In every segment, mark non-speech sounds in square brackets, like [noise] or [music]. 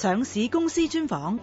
上市公司專訪。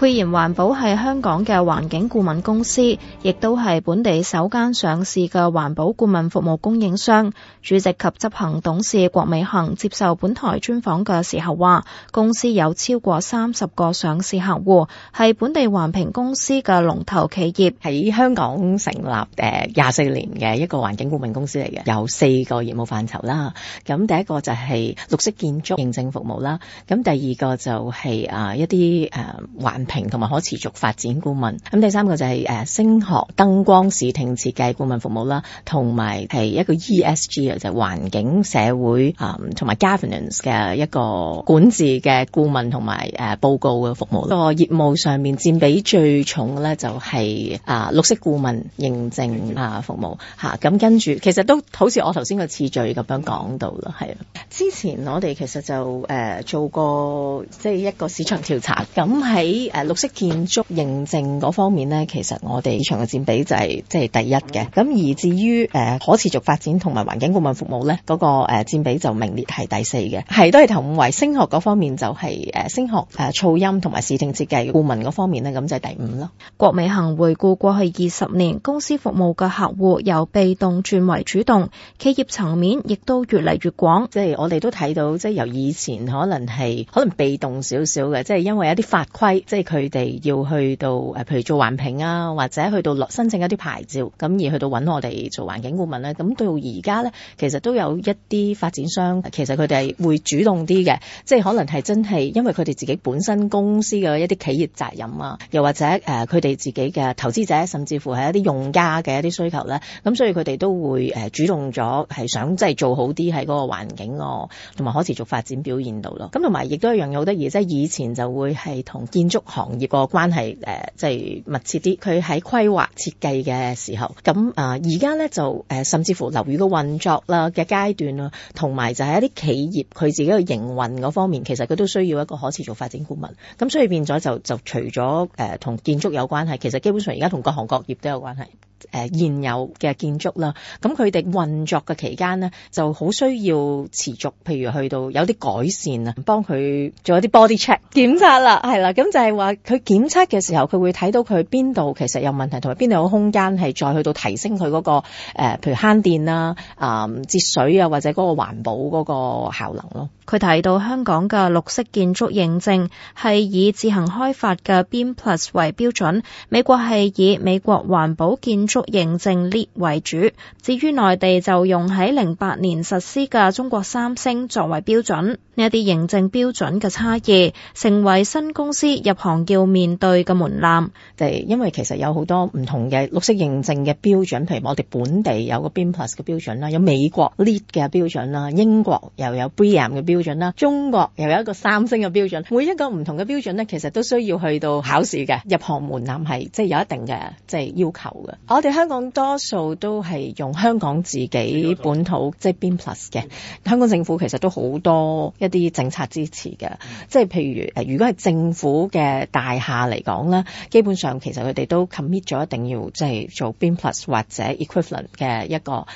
沛然環保係香港嘅環境顧問公司，亦都係本地首間上市嘅環保顧問服務供應商。主席及執行董事郭美珩接受本台專訪嘅時候話，公司有超過三十個上市客戶，係本地環評公司嘅龍頭企業。喺香港成立誒廿四年嘅一個環境顧問公司嚟嘅，有四個業務範疇啦。咁第一個就係綠色建築認證服務啦。咁第二個就係啊一啲誒環。平同埋可持續發展顧問，咁第三個就係誒聲學、燈光、視聽設計顧問服務啦，同埋係一個 ESG 啊，就係、環境社會啊，同埋 governance 嘅一個管治嘅顧問同埋誒報告嘅服務。個業務上面佔比最重嘅咧、就係，就係啊綠色顧問認證啊服務嚇。咁、啊啊、跟住其實都好似我頭先嘅次序咁樣講到啦，係啊。之前我哋其實就誒、啊、做過即係、就係、一個市場調查，咁喺誒。啊綠色建築認證嗰方面呢，其實我哋市場嘅佔比就係即係第一嘅。咁而至於誒可持續發展同埋環境顧問服務呢，嗰、那個誒佔比就名列係第四嘅。係都係頭五位。聲學嗰方面就係誒聲學誒、啊、噪音同埋視聽設計顧問嗰方面呢，咁就係第五咯。郭美珩回顧過去二十年，公司服務嘅客戶由被動轉為主動，企業層面亦都越嚟越廣。即係我哋都睇到，即、就、係、是、由以前可能係可能被動少少嘅，即、就、係、是、因為一啲法規，即係。佢哋要去到誒，譬如做環評啊，或者去到落申請一啲牌照，咁而去到揾我哋做環境顧問咧，咁到而家咧，其實都有一啲發展商，其實佢哋係會主動啲嘅，即係可能係真係因為佢哋自己本身公司嘅一啲企業責任啊，又或者誒，佢哋自己嘅投資者，甚至乎係一啲用家嘅一啲需求咧，咁所以佢哋都會誒主動咗係想即係做好啲喺嗰個環境哦，同埋可持續發展表現度咯。咁同埋亦都一樣嘢好得意，即係以前就會係同建築，行業個關係誒，即係密切啲。佢喺規劃設計嘅時候，咁啊而家咧就誒，甚至乎樓宇嘅運作啦嘅階段啦，同埋就係一啲企業佢自己嘅營運嗰方面，其實佢都需要一個可持續發展顧問。咁所以變咗就就除咗誒同建築有關係，其實基本上而家同各行各業都有關係。誒現有嘅建築啦，咁佢哋運作嘅期間呢，就好需要持續，譬如去到有啲改善啊，幫佢做一啲 body check 檢測啦，係啦，咁就係話佢檢測嘅 [laughs] 時候，佢會睇到佢邊度其實有問題，同埋邊度有空間係再去到提升佢嗰、嗰個譬如慳電啦、啊、啊、嗯、節水啊，或者嗰個環保嗰個效能咯。佢提到香港嘅綠色建築認證係以自行開發嘅 BEAM Plus 為標準，美國係以美國環保建足認證 LEED 為主，至於內地就用喺零八年實施嘅中國三星作為標準，呢一啲認證標準嘅差異，成為新公司入行要面對嘅門檻。誒，因為其實有好多唔同嘅綠色認證嘅標準，譬如我哋本地有個 BEAM Plus 嘅標準啦，有美國 LEED 嘅標準啦，英國又有 BREEAM 嘅標準啦，中國又有一個三星嘅標準。每一個唔同嘅標準呢，其實都需要去到考試嘅入行門檻係即係有一定嘅即係要求嘅。我哋香港多數都係用香港自己本土即係 BEAM Plus 嘅，香港政府其實都好多一啲政策支持嘅，即係、嗯、譬如如果係政府嘅大廈嚟講咧，基本上其實佢哋都 commit 咗一定要即係做 BEAM Plus 或者 equivalent 嘅一個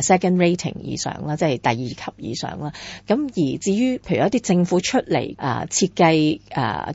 second rating 以上啦，即係第二級以上啦。咁而至於譬如一啲政府出嚟設計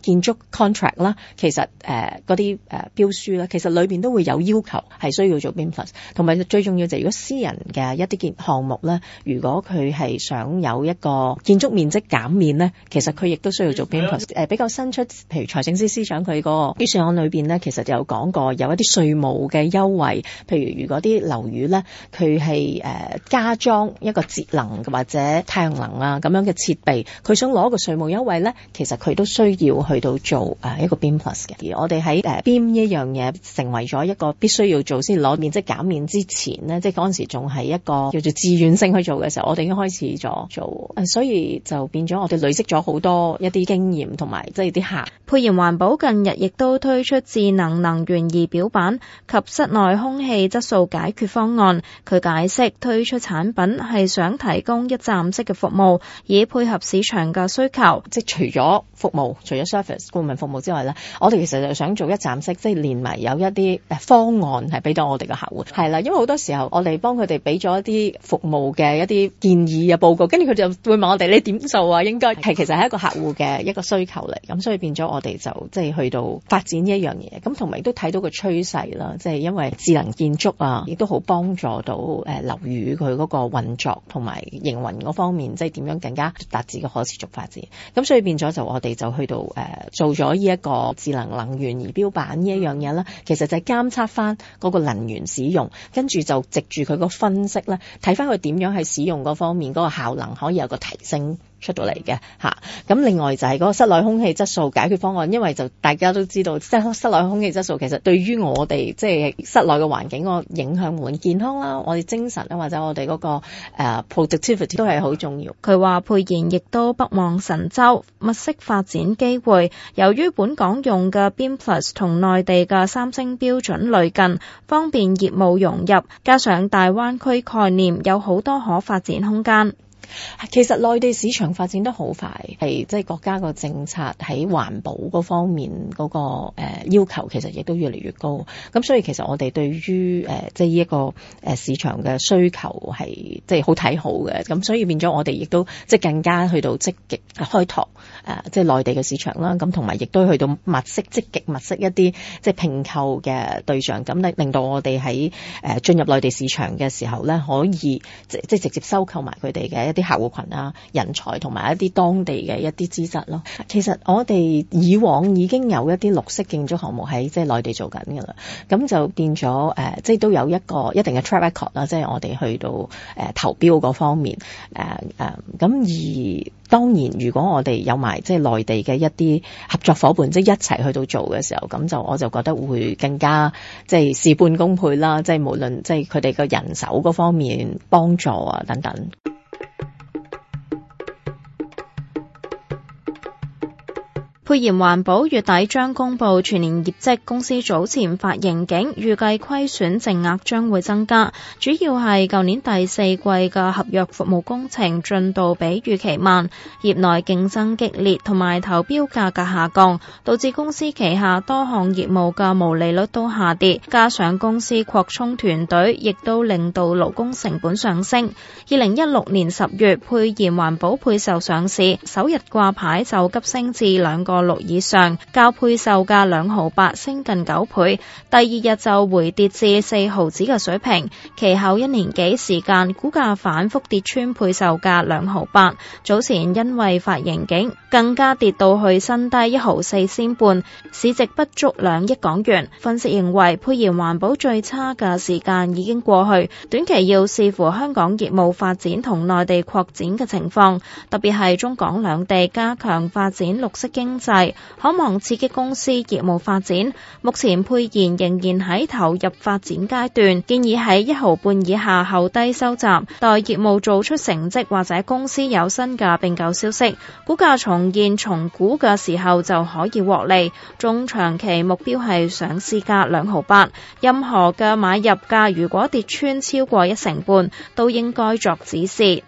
建築 contract 啦，其實誒嗰啲標書啦，其實裏面都會有要求係需要做 BEAM Plus，同埋最重要就係如果私人嘅一啲建項目咧，如果佢係想有一個建築面積減免咧，其實佢亦都需要做 BEAM Plus。誒比較新出，譬如財政司司長佢個預算案裏邊咧，其實就有講過有一啲稅務嘅優惠，譬如如果啲樓宇咧，佢係誒加裝一個節能或者太陽能啊咁樣嘅設備，佢想攞個稅務優惠咧，其實佢都需要去到做誒一個 BEAM Plus 嘅。而我哋喺誒 BEAM 呢一樣嘢成為咗一個必須要做。先攞面積減免之前呢，即係嗰陣時仲係一個叫做自願性去做嘅時候，我哋已經開始咗做，所以就變咗我哋累積咗好多一啲經驗同埋即係啲客。沛然環保近日亦都推出智能能源儀表板及室內空氣質素解決方案。佢解釋推出產品係想提供一站式嘅服務，以配合市場嘅需求。即係除咗服務除咗 service 顧問服務之外呢，我哋其實就想做一站式，即係連埋有一啲誒方案係。俾到我哋嘅客戶係啦，因為好多時候我哋幫佢哋俾咗一啲服務嘅一啲建議呀報告，跟住佢就會問我哋你點做啊？應該係其實係一個客戶嘅一個需求嚟，咁所以變咗我哋就即係去到發展呢一樣嘢，咁同埋亦都睇到個趨勢啦，即係因為智能建築啊，亦都好幫助到誒樓宇佢嗰個運作同埋營運嗰方面，即係點樣更加達至個可持續發展。咁所以變咗就我哋就去到誒做咗呢一個智能能源儀表板呢一樣嘢啦，其實就係監測翻嗰個。能源使用，跟住就藉住佢個分析咧，睇翻佢點樣喺使用嗰方面嗰個效能可以有個提升。出到嚟嘅吓，咁另外就係嗰個室內空氣質素解決方案，因為就大家都知道，即係室內空氣質素其實對於我哋即係室內嘅環境個影響滿健康啦，我哋精神啊或者我哋嗰個 productivity 都係好重要。佢話沛然亦都北望神州物色發展機會，由於本港用嘅 Beam Plus 同內地嘅三星標準類近，方便業務融入，加上大灣區概念有好多可發展空間。其實內地市場發展得好快，係即係國家個政策喺環保嗰方面嗰個誒要求，其實亦都越嚟越高。咁所以其實我哋對於誒即係呢一個誒市場嘅需求係即係好睇好嘅。咁所以變咗我哋亦都即係、就是、更加去到積極開拓誒即係內地嘅市場啦。咁同埋亦都去到物色積極物色一啲即係併購嘅對象。咁令令到我哋喺誒進入內地市場嘅時候咧，可以即即係直接收購埋佢哋嘅一。啲客戶群啊、人才同埋一啲當地嘅一啲資質咯。其實我哋以往已經有一啲綠色建築項目喺即係內地做緊噶啦，咁就變咗誒，即、呃、係、就是、都有一個一定嘅 track record 啦。即、就、係、是、我哋去到誒、呃、投標嗰方面誒誒，咁、呃呃、而當然，如果我哋有埋即係內地嘅一啲合作伙伴，即、就、係、是、一齊去到做嘅時候，咁就我就覺得會更加即係、就是、事半功倍啦。即、就、係、是、無論即係佢哋嘅人手嗰方面幫助啊，等等。沛然環保月底將公布全年業績。公司早前發盈警，預計虧損淨額將會增加，主要係舊年第四季嘅合約服務工程進度比預期慢，業內競爭激烈，同埋投標價格下降，導致公司旗下多項業務嘅毛利率都下跌。加上公司擴充團隊，亦都令到勞工成本上升。二零一六年十月，沛然環保配售上市，首日掛牌就急升至兩個。六以上，交配售價兩毫八，升近九倍。第二日就回跌至四毫子嘅水平，其後一年幾時間，股價反覆跌穿配售價兩毫八。早前因為發盈警更加跌到去新低一毫四仙半，市值不足兩億港元。分析認為，沛然環保最差嘅時間已經過去，短期要視乎香港業務發展同內地擴展嘅情況，特別係中港兩地加強發展綠色經濟。可望刺激公司業務發展。目前沛然仍然喺投入發展階段，建議喺一毫半以下後低收集，待業務做出成績或者公司有新嘅併購消息，股價重現重估嘅時候就可以獲利。中長期目標係上市價兩毫八，任何嘅買入價如果跌穿超過一成半，都應該作止蝕。